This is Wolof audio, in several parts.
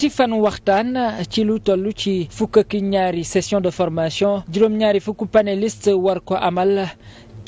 ci fanu waxtaan ci lu toll ci fukk ñaari session de formation juróom-ñaari fukk panéliste war ko amal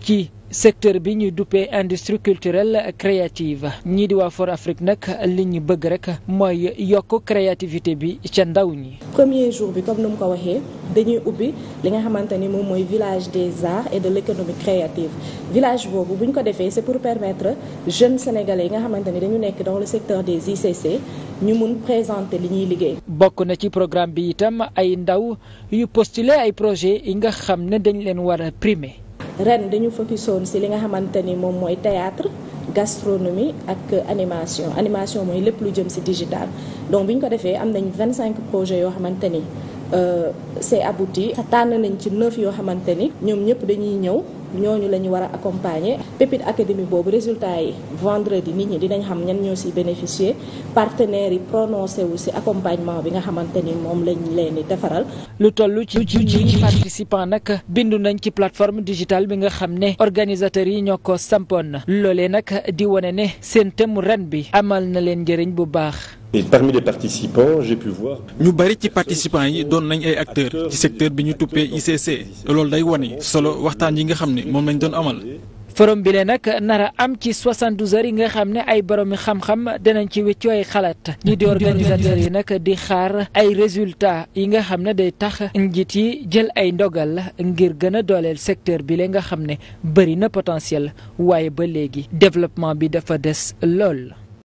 ci secteur bi ñuy duppee industrie culturelle créative ñii di waa Afrique nag li ñu bëgg rek mooy yokk créativité bi ca ndaw ñi. premier jour bi comme nu mu ko waxee dañuy ubbi li nga xamante ni moom mooy village des arts et de l'économie créative village boobu bu ñu ko defee c'est pour permettre jeunes sénégalais yi nga xamante ni dañu nekk dans le secteur des ICC ñu mun présenter li ñuy liggéey. bokk na ci programme bi itam ay ndaw yu postuler ay projets yi nga xam ne dañ leen war a primer. ren dañu focusoon si li nga xamante ni moom mooy théâtre gastronomie ak animation animation mooy lépp lu jëm si digital donc bi ñu ko defee am nañ vingt cinq projet yoo xamante ni euh, c'est abouti tànn nañ ci neuf yoo xamante ni ñoom ñëpp dañuy ñëw ñooñu la ñu war a accompagner Pépite Académie boobu résultat yi vendredi nit ñi dinañ xam ñan ñoo si bénéficier partenaires yi prononcé wu si accompagnement bi nga xamante ni moom lañ leen di defaral. lu toll ci ci participant nag bindu nañ ci plateforme digitale bi nga xam ne organisateurs yi ñoo ko sampoon loole nag di wane ne seen temu ren bi amal na leen njëriñ bu baax. Et parmi ñu bari ci participant yi doon nañ ay acteurs ci secteur bi ñu tuppee ICC loolu day wane solo waxtaan yi nga xam ne moom lañ doon amal. forum bi le nag nar a am ci 72 heures yi nga xam ne ay boromi xam-xam dinañ ci wéccoo ay xalaat ñi di organisateurs yi nag di xaar ay résultat yi nga xam ne day tax njiit yi jël ay ndogal ngir gën a dooleel secteur bi le nga xam ne bëri na potentiel waaye ba léegi développement bi dafa des lool.